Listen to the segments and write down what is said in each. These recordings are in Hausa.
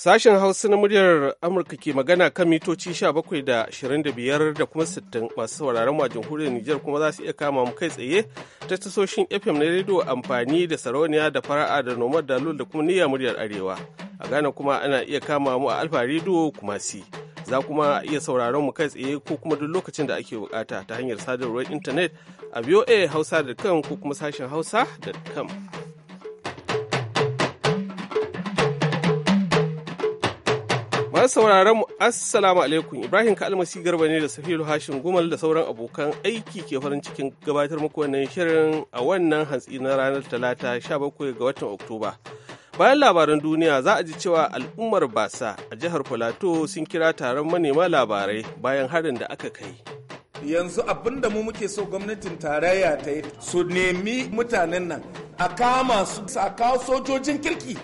Sashen Hausa na muryar Amurka ke magana kan mitoci 17 da 25 da kuma 60 masu sauraron mu a jamhuriyar Nijar kuma za su iya kama mu kai tsaye ta tasoshin FM na rediyo amfani da sarauniya da fara'a da nomad da da kuma niyya muryar Arewa. A Ghana kuma ana iya kama mu a Alfa rediyo kuma si. Za kuma iya sauraron mu kai tsaye ko kuma duk lokacin da ake bukata ta hanyar sadarwar intanet a voa hausa.com ko kuma sashen hausa.com. Masu sauraron mu Assalamu alaikum Ibrahim Kalmasi Garba ne da Safiru Hashim Gumal da sauran abokan aiki ke farin cikin gabatar muku wannan shirin a wannan hantsi na ranar Talata 17 ga watan Oktoba. Bayan labaran duniya za a ji cewa al'ummar Basa a jihar Filato sun kira taron manema labarai bayan harin da aka kai. Yanzu abin da mu muke so gwamnatin tarayya ta yi su nemi mutanen nan a kama su a kawo sojojin kirki.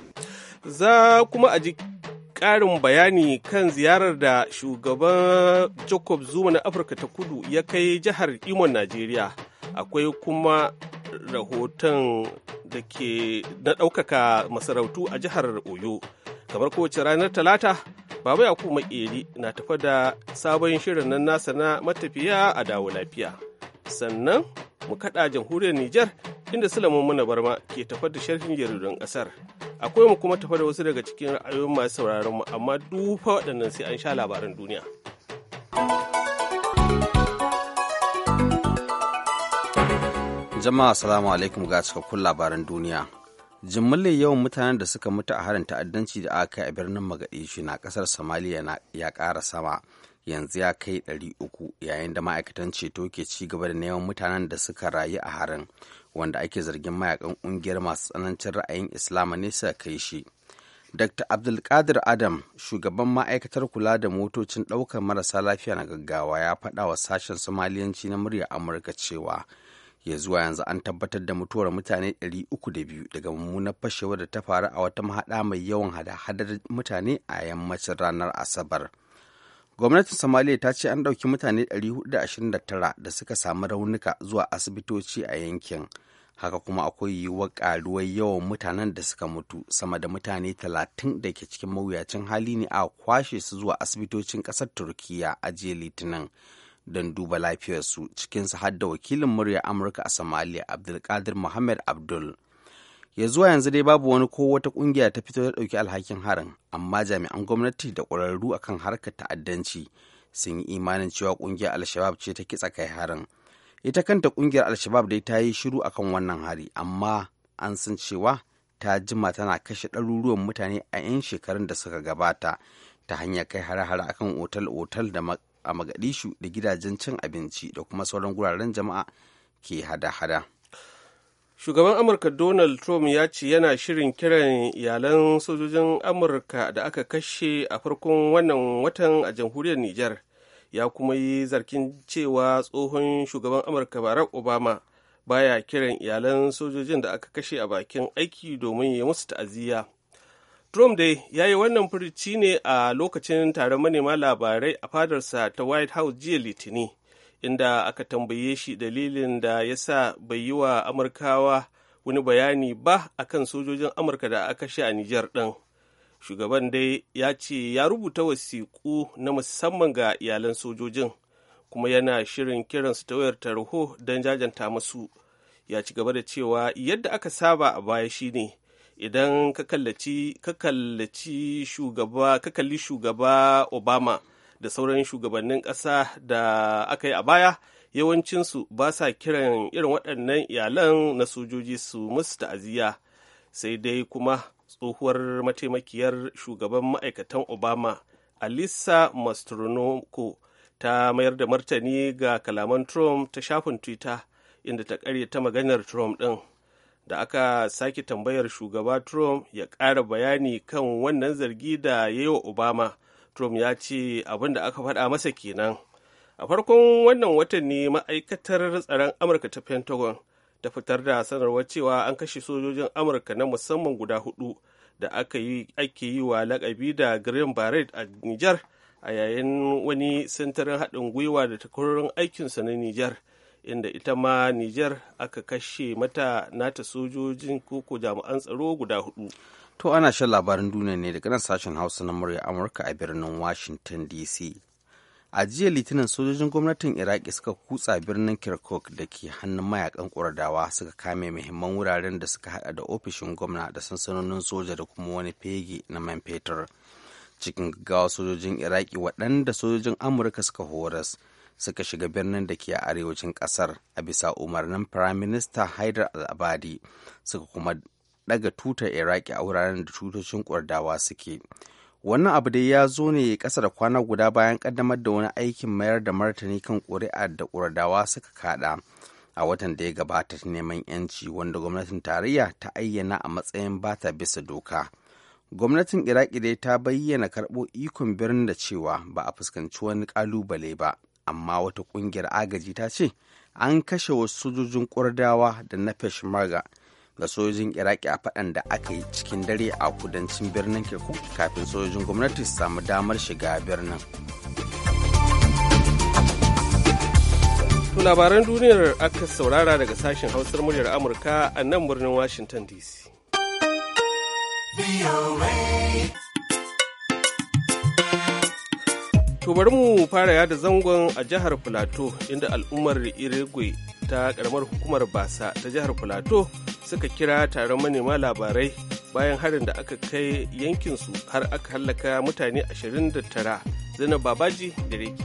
Za kuma a ji ƙarin bayani kan ziyarar da shugaban Jacob Zuma na Afirka ta kudu ya kai jihar Imo Najeriya. Akwai kuma rahoton da ke na ɗaukaka masarautu a jihar Oyo. Kamar kowace ranar Talata, Baba Yakubu kuma na tafa da sabon shirin nan nasa na matafiya a dawo lafiya. sannan mu kaɗa jamhuriyar Nijar inda Sulaiman Muna Barma ke tafar da sharhin jaridun ƙasar. Akwai mu kuma tafar da wasu daga cikin ra'ayoyin masu sauraron mu amma dufa waɗannan sai an sha labaran duniya. Jama'a salamu alaikum ga cikakkun labaran duniya. Jimillar yawan mutanen da suka mutu a harin ta'addanci da aka kai a birnin Mogadishu na kasar Somalia ya ƙara sama. yanzu ya kai 300 yayin da ma'aikatan ceto ke ci gaba da neman mutanen da suka rayu a harin wanda ake zargin mayakan ƙungiyar masu tsanancin ra'ayin islama ne suka kai shi dr abdulkadir adam shugaban ma'aikatar kula da motocin ɗaukar marasa lafiya na gaggawa ya faɗa wa sashen somaliyanci na murya amurka cewa ya zuwa yanzu an tabbatar da mutuwar mutane 302 daga mummunar fashewar da ta faru a wata mahaɗa mai yawan hada-hadar mutane a yammacin ranar asabar. gwamnatin somaliya ta ce an ɗauki mutane 429 da suka samu raunuka zuwa asibitoci a yankin haka kuma akwai yiwuwar ƙaruwar yawan mutanen da suka mutu sama da mutane 30 da ke cikin mawuyacin hali ne a kwashe su zuwa asibitocin ƙasar turkiya a jiya litinin don duba lafiyarsu cikinsu har da wakilin murya amurka a somaliya abdulkadir muhammad abdul ya zuwa yanzu dai babu wani ko wata kungiya ta fito da ɗauki alhakin harin amma jami'an gwamnati da ƙwararru akan harkar ta'addanci sun yi imanin cewa kungiyar alshabab ce ta kitsa kai harin ita kanta kungiyar alshabab dai ta yi shiru akan wannan hari amma an san cewa ta jima tana kashe ɗaruruwan mutane a 'yan shekarun da suka gabata ta hanyar kai hare-hare akan otal-otal da a magadishu da gidajen cin abinci da kuma sauran guraren jama'a ke hada-hada. shugaban amurka donald trump ya ce yana shirin kiran iyalan sojojin amurka da aka kashe a farkon wannan watan a jamhuriyar niger ya kuma yi zargin cewa tsohon shugaban amurka barack obama baya kiran iyalan sojojin da aka kashe a bakin aiki domin ya musu ta'aziyya trump dai ya yi wannan furici ne a lokacin taron manema labarai a fadarsa ta white house jiya litinin inda aka tambaye shi dalilin da ya sa bai yi wa amurkawa wani bayani ba akan sojojin amurka da aka sha a nijar ɗin shugaban dai ya ce ya rubuta wasiƙu na musamman ga iyalan sojojin kuma yana shirin kiransu ta wayar tarho don jajanta masu ya ci gaba da cewa yadda aka saba a baya shine idan ka kalli shugaba obama da sauran shugabannin ƙasa da aka yi a baya yawancinsu ba sa kiran irin waɗannan iyalan na sojoji su musu ta'aziyya sai dai kuma tsohuwar mataimakiyar shugaban ma'aikatan obama alisa mastronoko ta mayar da martani ga kalaman trump ta shafin twitter inda ta ta maganar trump ɗin da aka sake tambayar shugaba trump ya ƙara bayani kan wannan zargi da ya yi wa obama trump ya ce abin da aka faɗa masa kenan a farkon wannan watan ne ma'aikatar tsaron amurka ta pentagon ta fitar da sanarwar cewa an kashe sojojin amurka na musamman guda hudu da aka yi ake yi wa lakabi da green beret a nijar a yayin wani sintirin haɗin gwiwa da takwarorin aikinsa na nijar inda ita ma nijar aka kashe mata nata sojojin koko jami'an tsaro guda hudu To ana shan labarin duniya ne daga nan sashen Hausa na murya Amurka a birnin Washington DC. A jiya Litinin sojojin gwamnatin Iraki suka kutsa birnin Kirkuk da ke hannun mayakan kuradawa suka kame muhimman wuraren da suka hada da ofishin gwamna da sansanonin soja da kuma wani fege na man fetur. Cikin gaggawa sojojin Iraki waɗanda sojojin Amurka suka horas suka shiga birnin da ke a arewacin ƙasar a bisa umarnin Firaminista Haidar al-Abadi suka kuma ɗaga tutar iraki a wuraren da tutocin kurdawa suke wannan abu dai ya zo ne kasa da kwana guda bayan ƙaddamar da wani aikin mayar da martani kan ƙuri'ar da kurdawa suka kada a watan da ya gabata neman yanci wanda gwamnatin tarayya ta ayyana a matsayin bata bisa doka gwamnatin iraki dai ta bayyana karɓo ikon birnin da cewa ba a fuskanci wani ƙalubale ba amma wata ƙungiyar agaji ta ce an kashe wasu sojojin kurdawa da na peshmerga da sojojin iraki a faɗan da aka yi cikin dare a kudancin birnin keku kafin sojojin gwamnati su samu damar shiga birnin labaran duniyar aka saurara daga sashen hausar muryar amurka a nan birnin washington dc To bari mu fara yada zangon a jihar Filato inda al'ummar Irigwe ta karamar hukumar Basa ta jihar Filato suka kira taron manema labarai bayan harin da aka kai yankinsu har aka hallaka mutane 29 Zainab Babaji da Reki.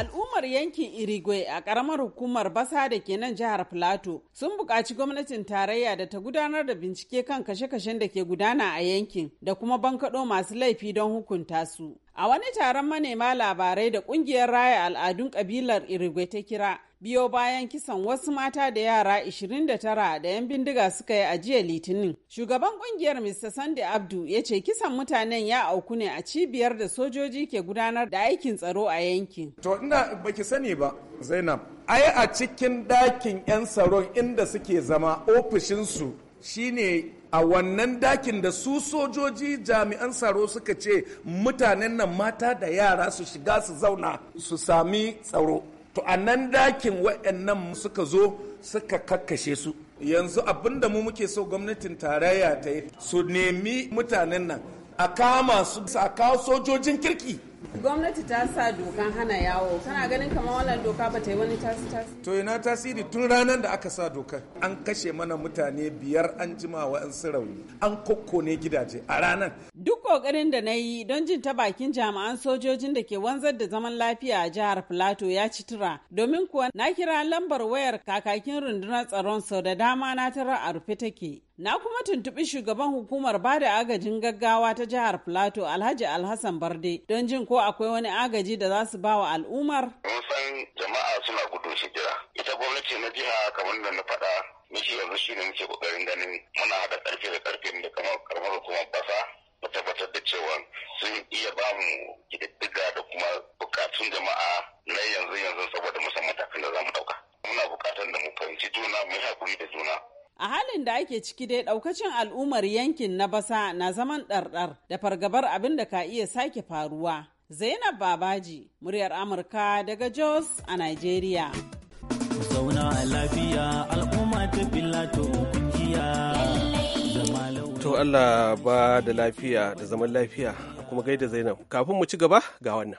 Al'ummar yankin Irigwe a ƙaramar hukumar basa da ke nan jihar Filato sun buƙaci gwamnatin tarayya da ta gudanar da bincike kan kashe-kashen da ke gudana a yankin da kuma bankaɗo masu laifi don hukunta su. A wani taron manema labarai da ƙungiyar raya al'adun ƙabilar Irigwe ta kira, biyo bayan kisan wasu mata da yara 29 da 'yan bindiga suka yi a jiya litinin. Shugaban kungiyar Mr. sande Abdu ya ce kisan mutanen ya auku ne a cibiyar da sojoji ke gudanar da aikin tsaro a yankin. To ina baki sani ba Zainab, ai a cikin dakin 'yan tsaron inda suke zama ofishinsu shine a wannan dakin da su sojoji jami'an tsaro suka ce mutanen nan mata da yara su shiga su zauna su sami tsaro. to a nan dakin waɗannan suka zo suka kakkashe su yanzu abinda mu muke so gwamnatin tarayya ta yi su nemi mutanen nan a kama su a kawo sojojin kirki gwamnati ta sa dokan hana yawo kana ganin kamar wannan doka ba ta yi wani tasi tasi to ina tasiri tun ranar da aka sa dokar. an kashe mana mutane biyar an jima wa an rauni an kokkone gidaje a ranar duk kokarin da na yi don jin ta bakin jami'an sojojin da ke wanzar da zaman lafiya a jihar filato ya ci tura domin kuwa na kira lambar wayar kakakin rundunar tsaron sau da dama na tara a rufe take Na kuma tuntuɓi shugaban hukumar ba da agajin gaggawa ta jihar Plateau Alhaji Alhassan Barde don jin ko akwai wani agaji da za su ba wa al'ummar. san jama'a suna gudun hijira. Ita gwamnati na jiha kamar da na faɗa miki yanzu shi ne muke ƙoƙarin ganin muna haɗa ƙarfe da ƙarfe da kamar hukumar basa mu tabbatar da cewa sun iya ba mu ƙididdiga da kuma buƙatun jama'a na yanzu yanzu saboda musamman matakan da za mu ɗauka. Muna buƙatar da mu fahimci juna mu yi haƙuri da juna. A halin da ake ciki dai daukacin al'ummar yankin na basa na zaman ɗarɗar da fargabar abin da ka iya sake faruwa. Zainab Babaji, muryar Amurka daga Jos a Nigeria. Zauna a lafiya To Allah ba da lafiya da zaman lafiya kuma gaida Zainab. Kafin mu ci gaba ga wannan.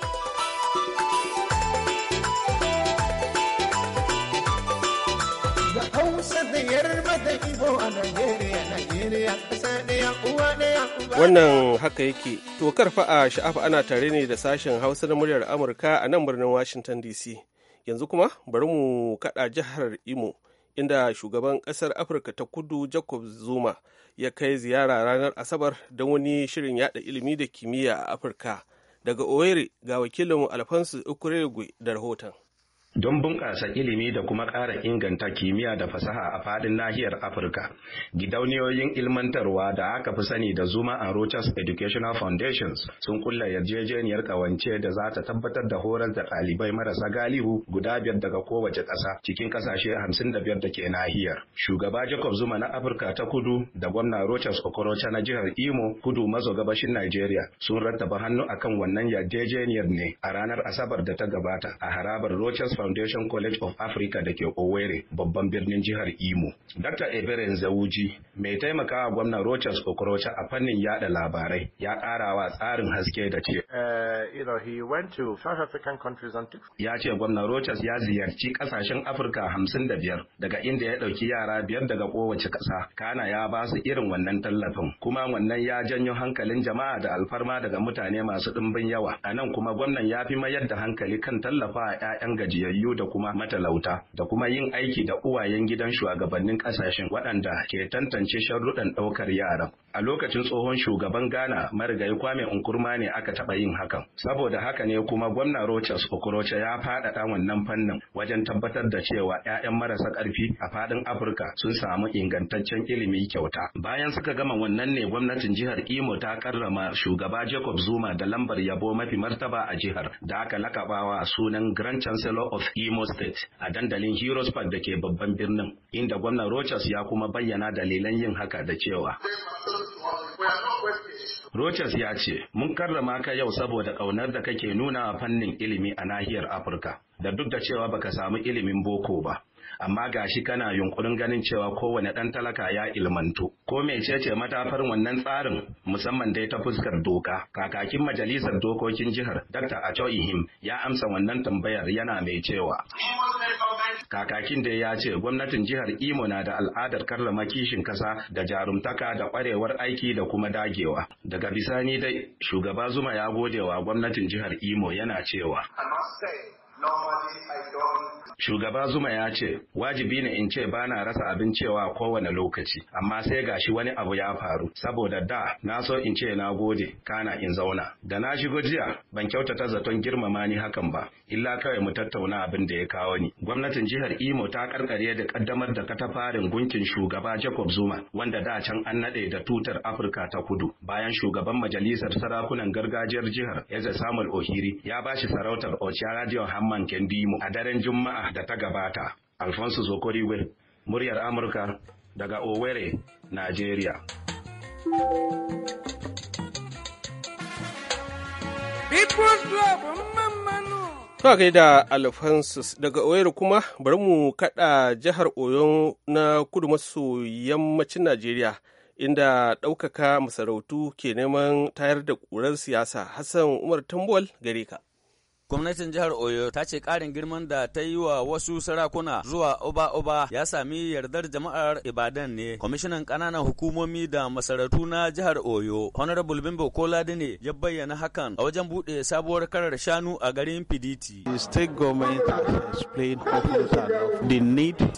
Wannan haka yake, to karfa a sha'afa ana tare ne da sashen Hausa na muryar Amurka a nan birnin Washington DC. Yanzu kuma bari mu kaɗa jihar Imo, inda shugaban ƙasar Afirka ta kudu Jacob Zuma ya kai ziyara ranar Asabar don wani shirin yada ilimi da kimiyya a Afirka. Daga Owerri ga wakilinmu Alfonso Ukuregu da rahoton. don bunƙasa ilimi da kuma ƙara inganta kimiyya da fasaha a faɗin nahiyar Afirka. Gidauniyoyin ilmantarwa da aka fi sani da Zuma and Rochas Educational Foundations sun kulla yarjejeniyar ƙawance da za ta tabbatar da horar da ɗalibai marasa galihu guda biyar daga kowace ƙasa cikin ƙasashe hamsin da biyar da ke nahiyar. Shugaba Jacob Zuma na Afirka ta Kudu da gwamna Rochas Okorocha na jihar Imo Kudu maso gabashin Najeriya sun rattaba hannu akan wannan yarjejeniyar ne a ranar Asabar da ta gabata a harabar Rochas Foundation College of Africa da ke Owerri babban birnin jihar Imo. Dr. Ebere Zawuji mai taimakawa gwamnan Rochas Okorocha a fannin yada labarai ya karawa tsarin haske da ce. Uh, ya ce gwamnan Rochas ya ziyarci kasashen Afirka hamsin da biyar daga inda ya ɗauki yara biyar daga kowace ƙasa. Kana ya ba su irin wannan tallafin kuma wannan ya janyo hankalin jama'a da alfarma daga mutane masu ɗimbin yawa. A nan kuma gwamnan ya fi mayar da hankali kan tallafa a 'ya'yan gajiyayyu. gajiyayyu da kuma matalauta da kuma yin aiki da uwayen gidan shugabannin kasashen waɗanda ke tantance sharruɗan ɗaukar yaran. A lokacin tsohon shugaban Ghana marigayi Kwame Nkrumah ne aka taɓa yin hakan. Saboda haka ne kuma gwamna Rochas Okorocha ya faɗaɗa wannan fannin wajen tabbatar da cewa 'ya'yan marasa ƙarfi a faɗin Afirka sun samu ingantaccen ilimi kyauta. Bayan suka gama wannan ne gwamnatin jihar Imo ta karrama shugaba Jacob Zuma da lambar yabo mafi martaba a jihar da aka lakabawa sunan Grand Chancellor of of Imo State a dandalin Heroes Park da ke babban birnin, inda gwamnan Rochas ya kuma bayyana dalilan yin haka da cewa. Rochas ya ce, Mun karrama ka yau saboda ƙaunar da kake nuna a fannin ilimi a nahiyar Afirka, da duk da cewa baka samu ilimin boko ba. amma ga shi kana yunkurin ganin cewa kowane ɗan talaka ya ilmantu ko ce matafar wannan tsarin musamman dai ta fuskar doka kakakin majalisar dokokin jihar Dr. Acho Ihim ya amsa wannan tambayar yana mai cewa kakakin da ya ce gwamnatin jihar Imo na da al'adar karrama kishin kasa da jarumtaka da kwarewar aiki da kuma dagewa daga bisani dai shugaba Zuma ya gode wa gwamnatin jihar Imo yana cewa Shugaba Zuma ya ce, wajibi ne in ce bana rasa abin cewa kowane lokaci, amma sai gashi wani abu ya faru, saboda da na so in ce na gode, kana in zauna. Da na shigo jiya, ban kyautata zaton girmama ni hakan ba, illa kawai mu tattauna abin da ya kawo ni. Gwamnatin jihar Imo ta karkare da kaddamar da katafarin gunkin shugaba Jacob Zuma, wanda da can an nade da tutar Afirka ta Kudu. Bayan shugaban majalisar sarakunan gargajiyar jihar, Eze Samuel Ohiri, ya bashi sarautar Ochara Hamma Mamman Kendimo a daren Juma'a da ta gabata. Alfonso Sokorigwe, muryar Amurka daga Owerri, Najeriya. To da Alphonsus daga Owerri kuma bari mu kada jihar Oyo na kudu maso yammacin Najeriya inda ɗaukaka masarautu ke neman tayar da ƙurar siyasa Hassan Umar Tambuwal gare ka. Gwamnatin jihar Oyo ta ce karin girman da ta yi wa wasu sarakuna zuwa oba-oba ya sami yardar jama'ar Ibadan ne. Kwamishinan ƙananan hukumomi da masarautu na jihar Oyo, Honorable Bimbo Kolade ne ya bayyana hakan a wajen bude sabuwar karar shanu a garin Fiditi.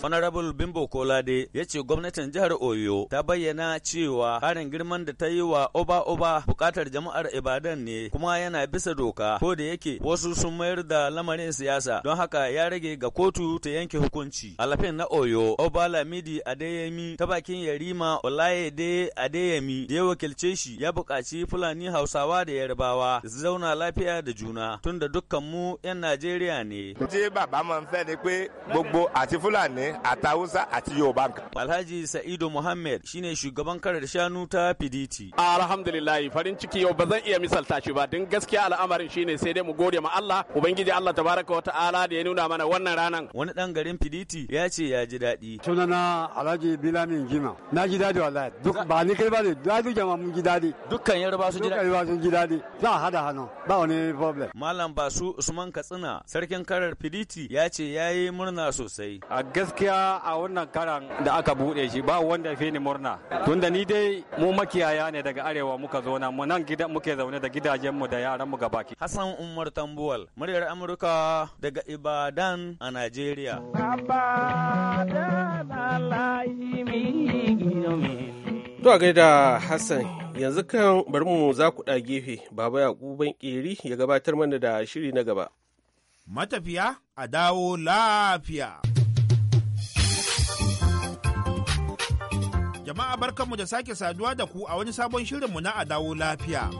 Honorable Bimbo Kolade ya ce gwamnatin jihar Oyo ta bayyana cewa ƙarin girman da ta yi wa oba-oba buƙatar jama'ar Ibadan ne kuma yana bisa doka ko da yake wasu sun mayar da lamarin siyasa don haka ya rage ga kotu ta yanke hukunci. Alafin na Oyo, Obalamidi Adeyemi ta bakin Yarima Olayede Adeyemi da ya wakilce shi ya bukaci Fulani Hausawa da Yarbawa su zauna lafiya da juna tun dukkan mu 'yan Najeriya ne. Je bàbá máa ń fẹ́ ni pé gbogbo àti Fulani àti Hausa àti Yorùbá. Alhaji Sa'idu Muhammad shine shugaban karar shanu ta Fiditi. Alhamdulillah farin ciki yau ba zan iya misalta shi ba don gaskiya al'amarin shine sai dai mu gode ma Allah Allah ubangiji Allah tabaraka ta'ala da ya nuna mana wannan ranan wani dan garin Fiditi ya ce ya ji daɗi sunana Alhaji Bilami Gima na ji daɗi wallahi duk ba ni kai ba ne duk jama'a mun ji daɗi dukkan Yarba sun ji daɗi dukkan sun ji daɗi za a hada hannu ba wani problem malam Basu Usman Katsina sarkin karar Fiditi ya ce ya yi murna sosai a gaskiya a wannan karan da aka buɗe shi ba wanda ya fi ni murna tunda ni dai mu makiyaya ne daga arewa muka zo nan mu nan gidan muke zaune da gidajenmu da yaranmu gabaki Hassan Umar Tambuwal muryar Amurka daga Ibadan a Najeriya. To a gaida Hassan yanzu kan bari mu za ku ɗa gefe Baba Yakuban Ƙeri ya gabatar mana da shiri na gaba. Matafiya a dawo lafiya. Jama'a barkanmu da sake saduwa da ku a wani sabon shirinmu na a dawo lafiya.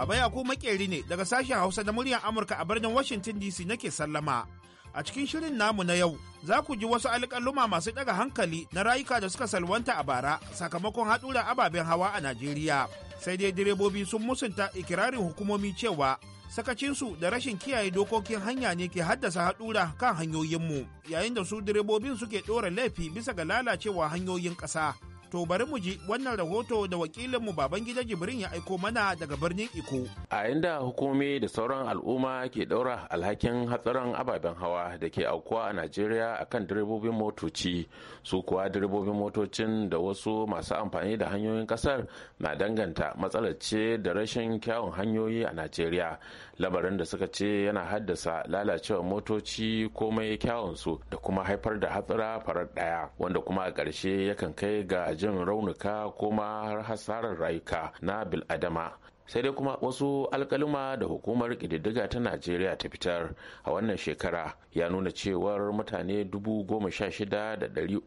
Baba Yakubu makeri ne daga sashen Hausa da muryar Amurka a birnin Washington DC nake sallama. A cikin shirin namu na yau, za ku ji wasu alƙaluma masu ɗaga hankali na rayuka da suka salwanta a bara sakamakon haɗura ababen hawa a Najeriya. Sai dai direbobi sun musunta ikirarin hukumomi cewa sakacinsu da rashin kiyaye dokokin hanya ne ke haddasa haɗura kan hanyoyinmu, yayin da su direbobin suke ɗora laifi bisa ga lalacewa hanyoyin ƙasa. To bari mu ji wannan rahoto da wakilinmu Babangida Jibrin ya aiko mana daga birnin Iko. A inda hukumi da sauran al'umma ke daura alhakin hatsarin ababen hawa da ke aukuwa a Najeriya akan direbobin motoci, su kuwa direbobin motocin da wasu masu amfani da hanyoyin kasar na danganta matsalar ce da rashin kyawun hanyoyi a Najeriya. Labarin da suka ce yana haddasa lalacewar motoci komai kyawunsu da kuma haifar da hatsara farar ɗaya wanda kuma a ƙarshe yakan kai ga jin raunuka kuma har hasarar rayuka na biladama sai dai kuma wasu alkaluma da hukumar ƙididdiga ta najeriya ta fitar a wannan shekara ya nuna cewar mutane dubu ɗari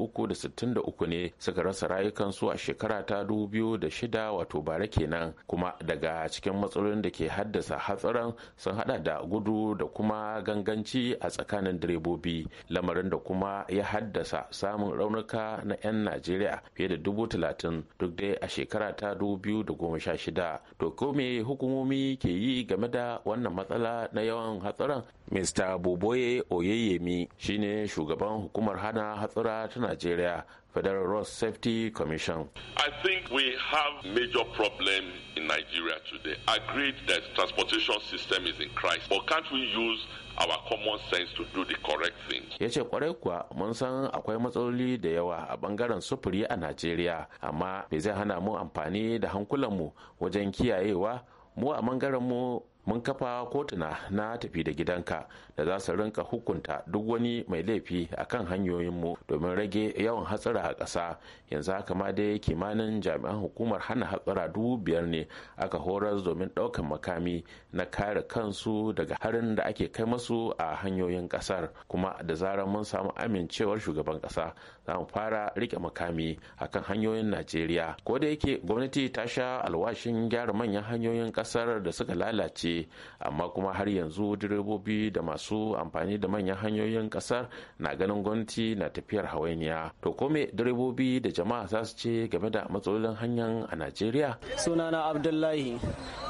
uku ne suka rasa rayukansu a shekara ta dubu shida wato bara kenan kuma daga cikin matsalolin da ke haddasa hatsarin sun hada da gudu da kuma ganganci a tsakanin direbobi lamarin da kuma ya haddasa samun raunuka na 'yan najeriya fiye da dubu duk dai a shekara ta dubu me hukumomi ke yi game da wannan matsala na yawan hatsarin mr boboye oyeyemi shine shugaban hukumar hana hatsura ta najeriya Federal Road Safety Commission. I think we have major problem in Nigeria today. Agreed that transportation system is in crisis, but can't we use our common sense to do the correct thing. Ya ce kwarai kuwa mun san akwai matsaloli da yawa a bangaren sufuri a Najeriya, amma bai zai hana mu amfani da hankulanmu wajen kiyayewa mu a bangaren mu mun kafa kotuna na tafi da gidanka da za su rinka hukunta duk wani mai laifi a kan hanyoyinmu domin rage yawan hatsara a ƙasa yanzu haka ma dai kimanin jami'an hukumar hana hatsara dubu biyar ne aka horar domin ɗaukan makami na kare kansu daga harin da ake kai masu a hanyoyin ƙasar kuma da zarar mun samu amincewar shugaban ƙasa za mu fara rike makami akan hanyoyin najeriya ko da yake gwamnati ta sha alwashin gyara manyan hanyoyin ƙasar da suka lalace amma kuma har yanzu direbobi da masu amfani da manyan hanyoyin kasar na ganin gwamnati na tafiyar hawainiya to kome direbobi da jama'a za su ce game da matsalolin hanyar a najeriya sunana abdullahi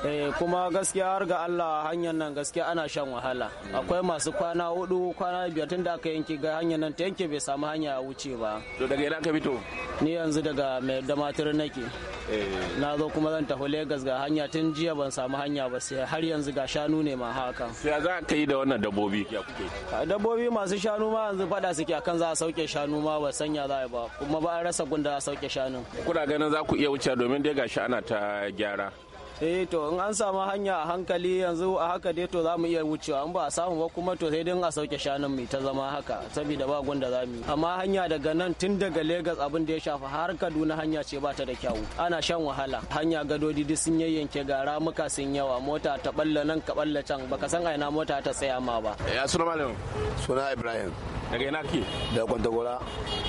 eh, kuma gaskiya har ga allah hanyar nan gaskiya ana shan wahala akwai masu kwana hudu kwana biyar tun da aka yanke ga hanyar nan ta yanke bai samu hanya wuce ba to daga ina ka fito ni yanzu daga mai damatar nake Eh. na zo kuma zan tafi Legas ga hanya tun jiya ban samu hanya ba sai har yanzu ga shanu ne ma haka sai za ka yi da wannan dabbobi dabbobi masu shanu ma yanzu fada suke akan za a sauke shanu ma ba sanya za a ba kuma ba a rasa gunda a sauke shanu kuna ganin za ku iya wuce domin dai gashi ana ta gyara eh to in an samu hanya a hankali yanzu a haka dai to za mu iya wucewa in ba a samu ba kuma to sai dai a sauke shanun mu ta zama haka saboda ba gunda za mu amma hanya daga nan tun daga Legas abin da ya shafa har Kaduna hanya ce ba ta da kyau ana shan wahala hanya gadodi duk sun yayyanke ga ramuka sun yawa mota ta balla nan ka balla can baka san aina mota ta tsaya ma ba ya suna malam suna Ibrahim daga ina kake da kwantagora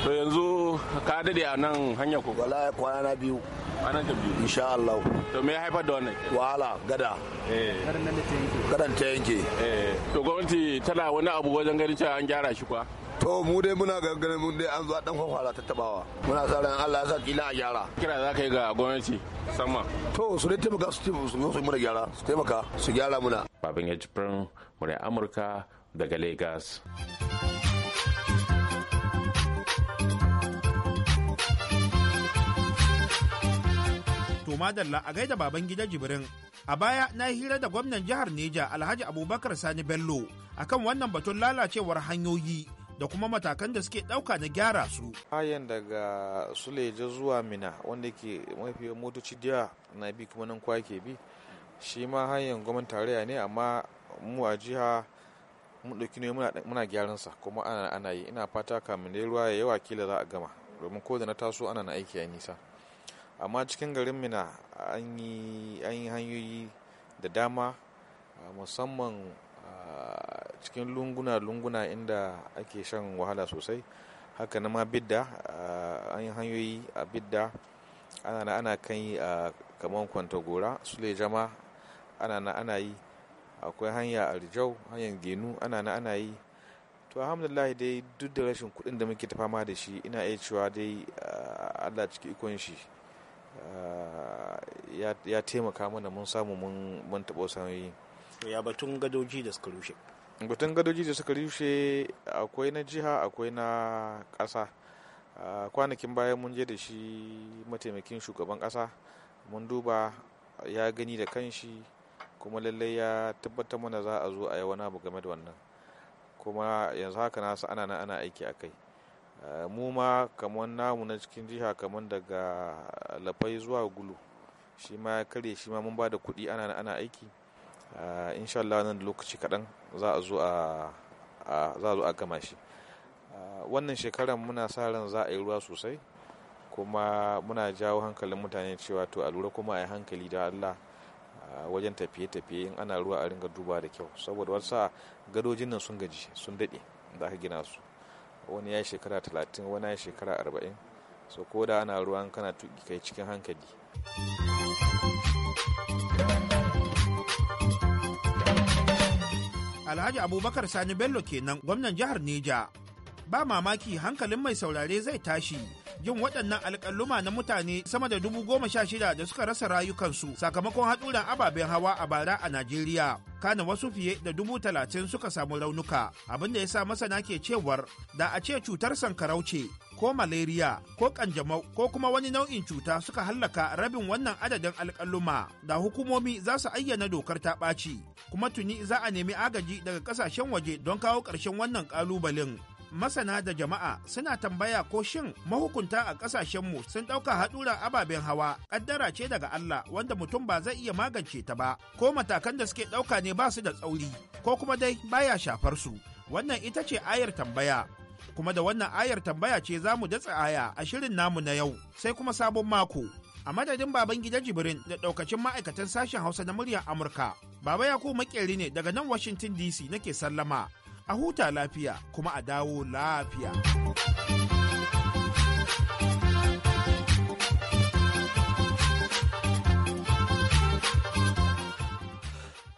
to yanzu ka dade a nan hanya ko wallahi kwana na biyu insha Allah to me ya haifar da wannan wahala gada eh. gadan ta yanke eh. to gwamnati tana wani abu wajen ganin cewa an gyara shi kuwa? to mu dai muna ganganin mun dai an zuwa dan kwakwara tattabawa. muna sa ran Allah ya sa kila a gyara kira za ka yi ga gwamnati sama to su dai taimaka su su su muna gyara su taimaka su gyara muna Babin ya jibrin Amurka daga Lagos to Dalla a gaida baban gida jibrin a baya na hira da gwamnan jihar neja alhaji abubakar sani bello akan wannan batun lalacewar hanyoyi da kuma matakan da suke ɗauka na gyara su. Hayan daga Suleja zuwa Mina wanda ke mafi motoci da na bi kuma nan kwa ke bi shi ma hanyar gwamnan tarayya ne amma mu a jiha mun ɗauki ne muna gyaran sa kuma ana ana yi ina fata kamin da ruwa ya yawa kila za a gama domin ko da na taso ana na aiki a nisa. amma cikin garin mina an yi hanyoyi da dama musamman cikin lunguna-lunguna inda ake shan wahala sosai haka na ma bidda an yi hanyoyi a bidda ana kan yi a kamar su sule jama ana na ana yi akwai hanya a rijau hanyar genu ana na ana yi to alhamdulillah dai duk da rashin kuɗin da muke ta fama da shi ina iya cewa dai allah ciki ikon shi Eh, ya taimaka mana mun samu mun taɓa sanyoyi ya batun gadoji da suka rushe batun gadoji da suka rushe akwai na jiha akwai na ƙasa eh, kwanakin bayan mun je da shi mataimakin shugaban ƙasa mun duba ya gani da kanshi kuma lallai ya tabbatar mana za a zo a yi wani abu game da wannan kuma yanzu haka na ana nan ana aiki a kai Eh, mu ma kamar namu na cikin jiha kamar daga lafai zuwa gulu shi ma kare shi ma mun ba da kuɗi ana ana aiki eh, insha Allah nan lokaci kaɗan za a zo a za a zo a gama shi eh, wannan shekaran muna sa ran za a yi ruwa sosai kuma muna jawo hankalin mutane cewa to a lura kuma a yi hankali da Allah wajen tafiye-tafiye in ana ruwa a ringa duba da kyau saboda wasu gadojin nan sun gaji sun daɗe da aka gina su wani ya shekara talatin wani ya shekara arba'in so ko da ana ruwan kana tuki kai cikin hankali alhaji abubakar sani bello kenan gwamnan jihar neja ba mamaki hankalin mai saurare zai tashi yin waɗannan alƙaluma na mutane sama da dubu goma sha shida da suka rasa rayukansu sakamakon haɗuran ababen hawa a bara a Najeriya. Kana wasu fiye da dubu talatin suka samu raunuka abin da ya sa masana ke cewar da a ce cutar sankarau ce ko malaria ko kanjamau ko kuma wani nau'in cuta suka hallaka rabin wannan adadin alƙaluma da hukumomi za su ayyana dokar ta ɓaci kuma tuni za a nemi agaji daga ƙasashen waje don kawo ƙarshen wannan ƙalubalen masana da jama'a suna tambaya ko shin mahukunta a ƙasashenmu sun ɗauka haɗura ababen hawa ƙaddara ce daga Allah wanda mutum ba zai iya magance ta ba ko matakan da suke ɗauka ne ba su da tsauri ko kuma dai baya shafar su wannan ita ce ayar tambaya kuma da wannan ayar tambaya ce za mu datsa aya a shirin namu na yau sai kuma sabon mako a madadin baban gida jibrin da ɗaukacin ma'aikatan sashen hausa na muryar amurka baba yakubu makeri ne daga nan washington dc nake sallama a huta lafiya kuma a dawo lafiya.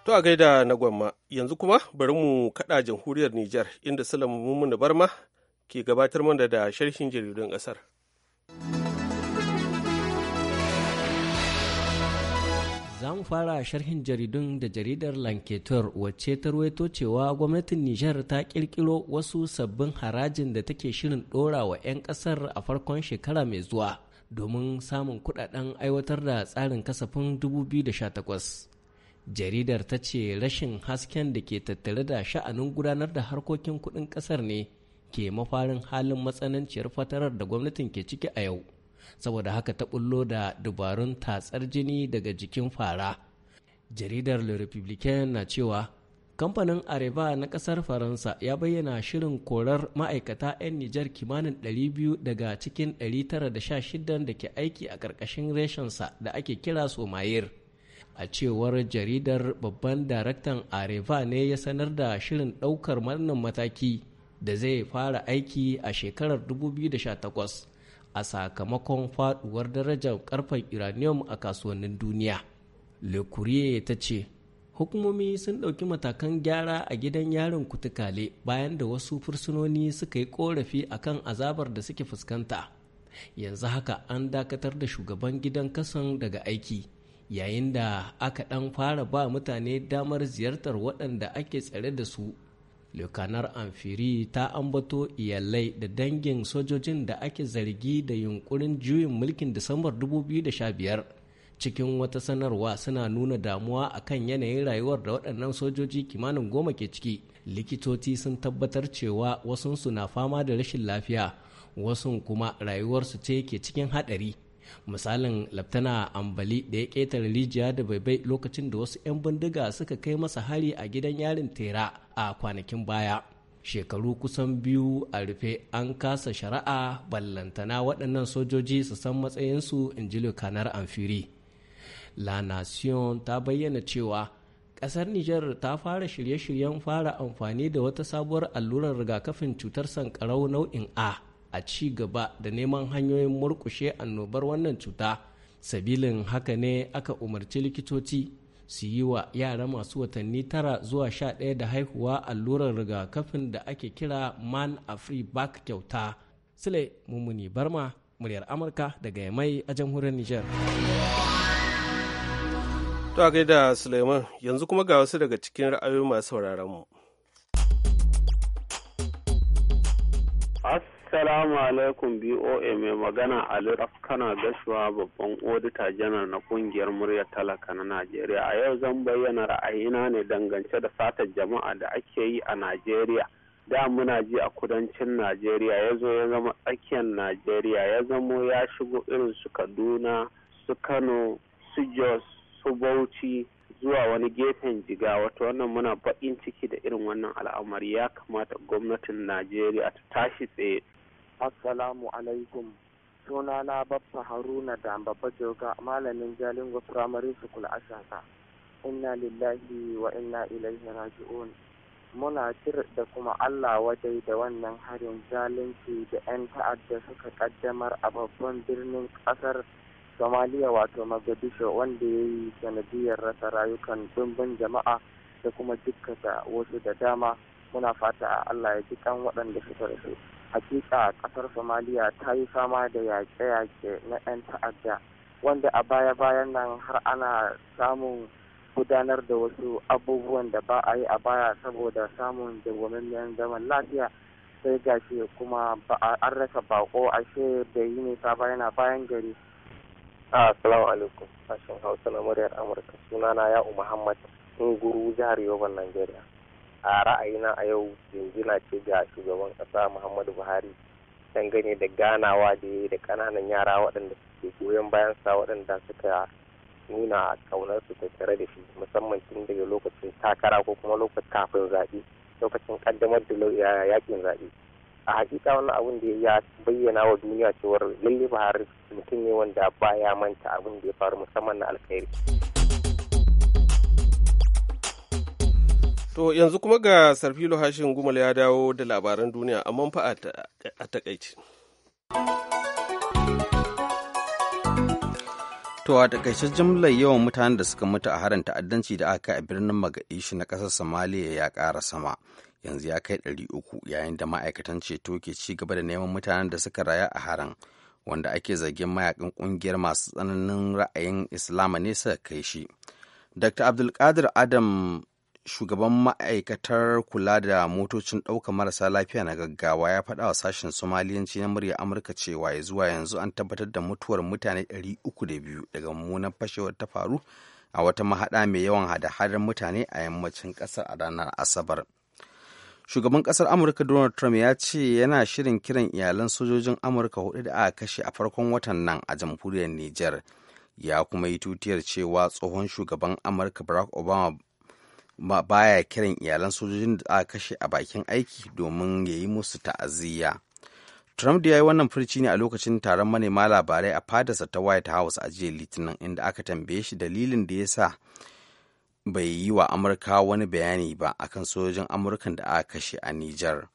To a gaida na gwamma yanzu kuma bari mu kaɗa jamhuriyar Nijar inda Salamu Mumunu Barma ke gabatar mana da sharhin jaridun ƙasar. Za mu fara sharhin jaridun da jaridar Lanketor wacce ta ruwaito cewa gwamnatin Nijar ta kirkiro wasu sabbin harajin da take shirin ɗora wa 'yan kasar a farkon shekara mai zuwa domin samun kudaden aiwatar da tsarin kasafin 2018. Jaridar ta ce rashin hasken da ke tattare da sha'anin gudanar da harkokin kuɗin ƙasar ne ke mafarin halin matsananciyar fatarar da gwamnatin ke ciki a yau. saboda haka ta bullo da dubarun tatsar jini daga jikin fara jaridar le republican na cewa kamfanin areva na kasar faransa ya bayyana shirin korar ma'aikata 'yan nijar kimanin 200 daga cikin 916 da ke aiki a ƙarƙashin reshensa da ake kira somayir a cewar jaridar babban daraktan areva ne ya sanar da shirin ɗaukar wannan mataki da zai fara aiki a shekarar 2018 a sakamakon faduwar darajar karfen uranium a kasuwannin duniya. Le Courrier ta ce, Hukumomi sun ɗauki matakan gyara a gidan yarin kutukale bayan da wasu fursunoni suka yi korafi kan azabar da suke fuskanta. Yanzu haka an dakatar da shugaban gidan kasan daga aiki. yayin da aka ɗan fara ba mutane damar ziyartar waɗanda ake tsare da su Lukanar Amfiri ta ambato iyalai da dangin sojojin da ake zargi da yunkurin juyin mulkin Disambar 2015 cikin wata sanarwa suna nuna damuwa akan yanayin rayuwar da waɗannan sojoji kimanin goma ke ciki. Likitoci sun tabbatar cewa wasunsu na fama da rashin lafiya, wasun kuma rayuwarsu ce ke cikin haɗari. misalin laftana ambali da ya ƙetare rijiya da baibai lokacin da wasu 'yan bindiga suka kai masa hari a gidan yarin tera a kwanakin baya shekaru kusan biyu a rufe an kasa shari'a ballantana waɗannan sojoji su san matsayinsu in ji kanar amfiri la nation ta bayyana cewa ƙasar niger ta fara shirye-shiryen fara amfani da wata sabuwar allurar rigakafin cutar sankarau nau'in a a ci gaba da neman hanyoyin murkushe annobar wannan cuta sabilin haka ne aka umarci likitoci su yi wa yara masu watanni tara zuwa sha ɗaya da haihuwa allurar rigakafin da ake kira man free back kyauta sule mummuni barma muryar amurka daga yamai a jamhuriyar niger to a gaida suleiman yanzu kuma ga wasu daga cikin ra'ayoyi masu sauraron mu Assalamu alaikum BOA mai magana Ali Rafkana Gashuwa babban odita janar na kungiyar murya talaka na Najeriya. A yau zan bayyana ra'ayina ne dangance da satar jama'a da ake yi a Najeriya. Da muna ji a kudancin Najeriya ya zo ya zama tsakiyar Najeriya ya zamo ya shigo irin su Kaduna, su Kano, su Jos, su Bauchi, zuwa wani gefen jiga wato wannan muna baƙin ciki da irin wannan al'amari ya kamata gwamnatin najeriya ta tashi tsaye Assalamu alaikum. na babba Haruna da Babba Joga malamin Jalingo Primary School Ashaka. Inna lillahi wa inna ilaihi raji'un. Muna cire da kuma Allah wajai da wannan harin zalunci da 'yan ta'adda suka kaddamar a babban birnin kasar Somaliya wato Mogadishu wanda ya yi sanadiyar rasa rayukan dumbin jama'a da kuma jikata wasu da dama muna fata a Allah ya ji kan waɗanda suka rasu. hakika kasar somaliya ta yi fama da yaƙe-yaƙe na 'yan ta'adda wanda a baya-bayan nan har ana samun gudanar da wasu abubuwan da ba a yi a baya saboda samun dawwammamen zaman lafiya sai gashi kuma an rasa bako ashe da yi ta bayan yana bayan gari assalamu alaikum sashen hausa na muryar amurka sunana ya'u muhammad nguru jihar yoban nigeria. a ra'ayina a yau jinjina ce ga shugaban ƙasa muhammadu buhari dangane da ganawa da ya da ƙananan yara waɗanda suke goyon bayan sa waɗanda suka nuna ƙaunarsu tattare da shi musamman tun daga lokacin takara ko kuma lokacin kafin zaɓe lokacin ƙaddamar da yakin zaɓe a hakika wani abun da ya bayyana wa duniya cewar lalle buhari mutum ne wanda baya manta abin da ya faru musamman na alkhairi. To yanzu kuma ga Sarfilo Hashin Gumal ya dawo da labaran duniya amma fa a takaici. To a takaice jimlar yawan mutanen da suka mutu a harin ta'addanci da aka kai a birnin Magadishu na ƙasar Somalia ya ƙara sama. Yanzu ya kai ɗari uku yayin da ma'aikatan ceto ke ci gaba da neman mutanen da suka raya a harin wanda ake zargin mayakan ƙungiyar masu tsananin ra'ayin Islama ne suka kai shi. Dr. Abdulkadir Adam shugaban ma'aikatar kula da motocin ɗaukar marasa lafiya na gaggawa ya faɗa wa sashen somaliyanci na murya amurka cewa ya zuwa yanzu an tabbatar da mutuwar mutane 302 daga mummunan fashewar ta faru a wata mahaɗa mai yawan hada-hadar mutane a yammacin ƙasar a ranar asabar shugaban ƙasar amurka donald trump ya ce yana shirin kiran iyalan sojojin amurka hudu da aka kashe a farkon watan nan a jamhuriyar niger ya kuma yi tutiyar cewa tsohon shugaban amurka barack obama baya kiran iyalan sojojin da aka kashe a bakin aiki domin ya yi musu ta'aziyya. Trump da ya yi wannan furci ne a lokacin taron manema labarai a fadarsa ta White House a jiya Litinin inda aka tambaye shi dalilin da ya sa bai yi wa Amurka wani bayani ba akan sojojin Amurkan da aka kashe a Nijar.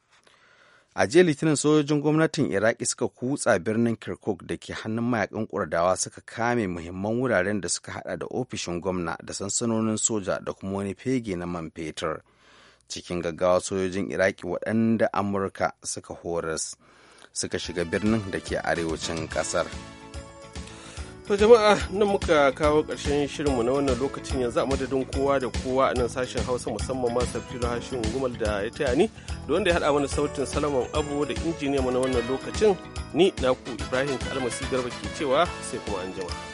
a jiya litinin sojojin gwamnatin iraki suka kutsa birnin kirkuk da ke hannun mayakan kurdawa suka kame muhimman wuraren da suka hada da ofishin gwamna da sansanonin soja da kuma wani fege na man fetur cikin gaggawa sojojin iraki waɗanda amurka suka horas suka shiga birnin da ke arewacin ƙasar. To jama'a nan muka kawo ƙarshen shirinmu na wannan lokacin yanzu a madadin kowa da kowa a nan sashen Hausa musamman ma Safiru Hashin Gumal da ya taya ni da wanda ya haɗa mana sautin Salaman Abu da mu na wannan lokacin ni naku Ibrahim Kalmasi Garba ke cewa sai kuma an jama'a.